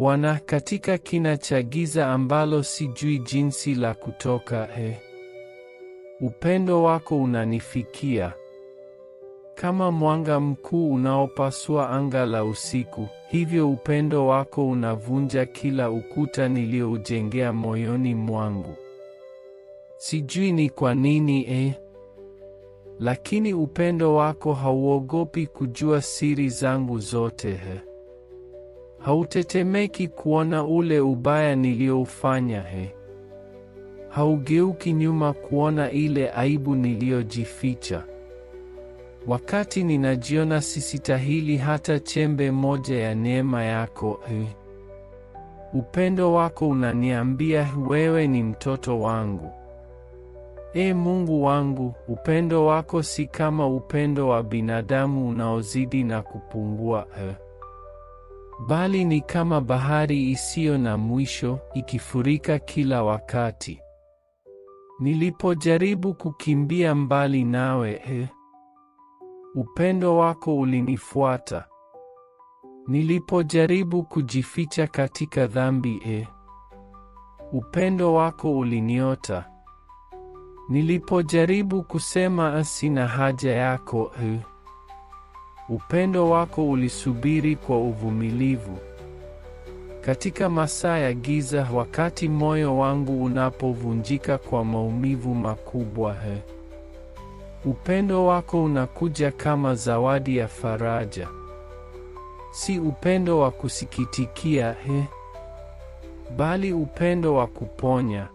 Bwana katika kina cha giza ambalo sijui jinsi la kutoka. He, upendo wako unanifikia kama mwanga mkuu unaopasua anga la usiku. Hivyo upendo wako unavunja kila ukuta nilioujengea moyoni mwangu. Sijui ni kwa nini eh, lakini upendo wako hauogopi kujua siri zangu zote he. Hautetemeki kuona ule ubaya niliyoufanya he? Haugeuki nyuma kuona ile aibu niliyojificha. Wakati ninajiona sisitahili hata chembe moja ya neema yako he. Upendo wako unaniambia wewe ni mtoto wangu. E Mungu wangu, upendo wako si kama upendo wa binadamu unaozidi na kupungua he bali ni kama bahari isiyo na mwisho, ikifurika kila wakati. Nilipojaribu kukimbia mbali nawe, he, upendo wako ulinifuata. Nilipojaribu kujificha katika dhambi, e, upendo wako uliniota. Nilipojaribu kusema sina haja yako, eh, Upendo wako ulisubiri kwa uvumilivu. Katika masaa ya giza, wakati moyo wangu unapovunjika kwa maumivu makubwa, he, upendo wako unakuja kama zawadi ya faraja. Si upendo wa kusikitikia, he, bali upendo wa kuponya.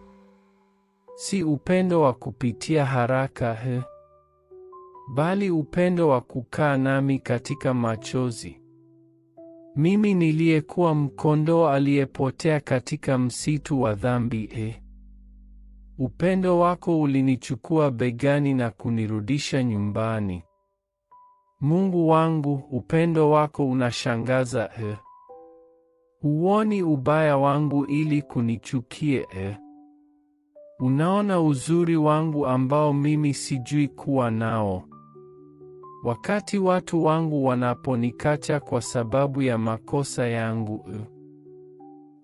Si upendo wa kupitia haraka, he bali upendo wa kukaa nami katika machozi. Mimi niliyekuwa mkondoo aliyepotea katika msitu wa dhambi e. Upendo wako ulinichukua begani na kunirudisha nyumbani. Mungu wangu, upendo wako unashangaza e. Huoni ubaya wangu ili kunichukie e. Unaona uzuri wangu ambao mimi sijui kuwa nao. Wakati watu wangu wanaponikacha kwa sababu ya makosa yangu,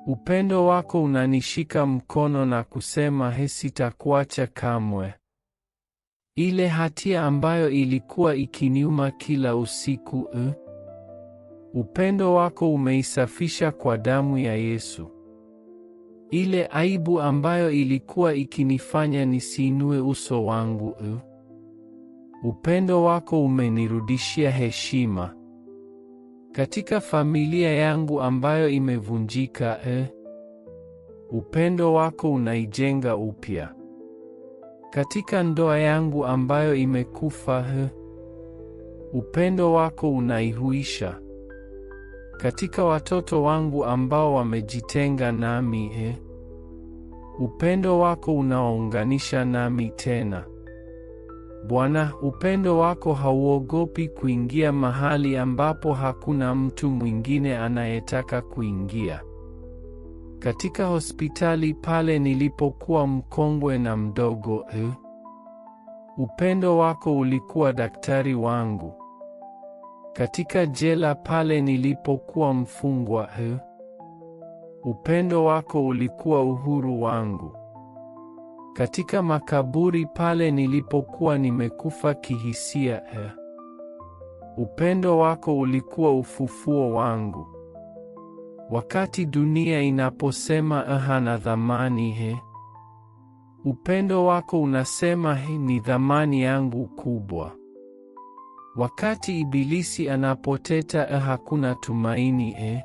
upendo wako unanishika mkono na kusema, hesi takuacha kamwe. Ile hatia ambayo ilikuwa ikiniuma kila usiku, eh, upendo wako umeisafisha kwa damu ya Yesu. Ile aibu ambayo ilikuwa ikinifanya nisiinue uso wangu eh, Upendo wako umenirudishia heshima katika familia yangu ambayo imevunjika. Eh, upendo wako unaijenga upya katika ndoa yangu ambayo imekufa. Eh, upendo wako unaihuisha katika watoto wangu ambao wamejitenga nami. Eh, upendo wako unaounganisha nami tena. Bwana, upendo wako hauogopi kuingia mahali ambapo hakuna mtu mwingine anayetaka kuingia. Katika hospitali pale nilipokuwa mkongwe na mdogo, eh, upendo wako ulikuwa daktari wangu. Katika jela pale nilipokuwa mfungwa, eh, upendo wako ulikuwa uhuru wangu katika makaburi pale nilipokuwa nimekufa kihisia. Eh, upendo wako ulikuwa ufufuo wangu. Wakati dunia inaposema hana ah, dhamani, he, upendo wako unasema he, ni dhamani yangu kubwa. Wakati ibilisi anapoteta ah, hakuna tumaini, he,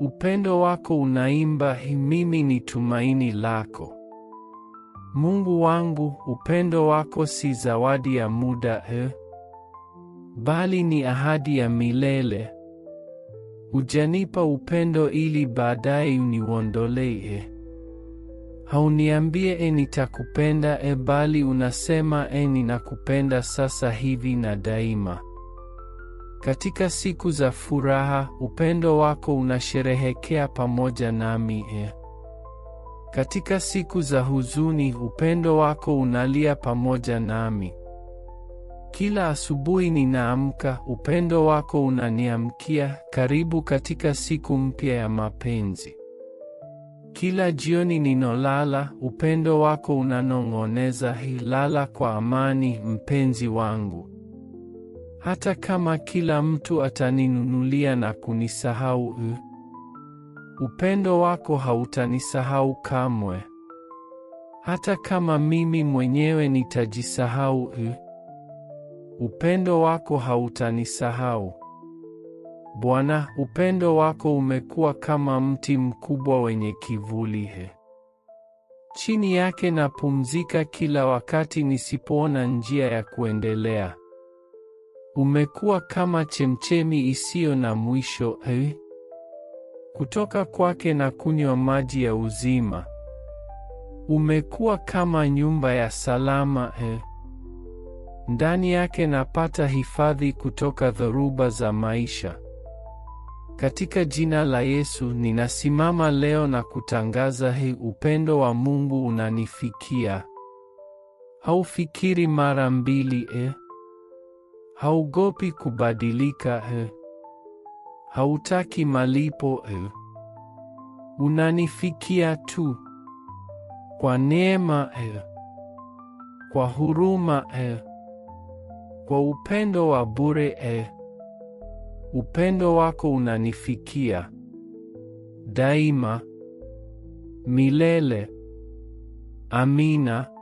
upendo wako unaimba he, mimi ni tumaini lako. Mungu wangu, upendo wako si zawadi ya muda he, bali ni ahadi ya milele. Hujanipa upendo ili baadaye uniondolee Hauniambie e, nitakupenda e, bali unasema e, ninakupenda sasa hivi na daima. Katika siku za furaha, upendo wako unasherehekea pamoja nami e. Katika siku za huzuni, upendo wako unalia pamoja nami. Kila asubuhi ninaamka, upendo wako unaniamkia, karibu katika siku mpya ya mapenzi. Kila jioni ninolala, upendo wako unanong'oneza, hilala kwa amani, mpenzi wangu. Hata kama kila mtu ataninunulia na kunisahau Upendo wako hautanisahau kamwe, hata kama mimi mwenyewe nitajisahau. Upendo wako hautanisahau Bwana. Upendo wako umekuwa kama mti mkubwa wenye kivuli he. Chini yake napumzika kila wakati nisipoona njia ya kuendelea. Umekuwa kama chemchemi isiyo na mwisho he kutoka kwake na kunywa maji ya uzima. Umekuwa kama nyumba ya salama he. Ndani yake napata hifadhi kutoka dhoruba za maisha. Katika jina la Yesu ninasimama leo na kutangaza hii, upendo wa Mungu unanifikia. Haufikiri mara mbili eh. Haugopi kubadilika eh. Hautaki malipo eh. Unanifikia tu kwa neema eh. Kwa huruma eh. Kwa upendo wa bure eh. Upendo wako unanifikia daima milele. Amina.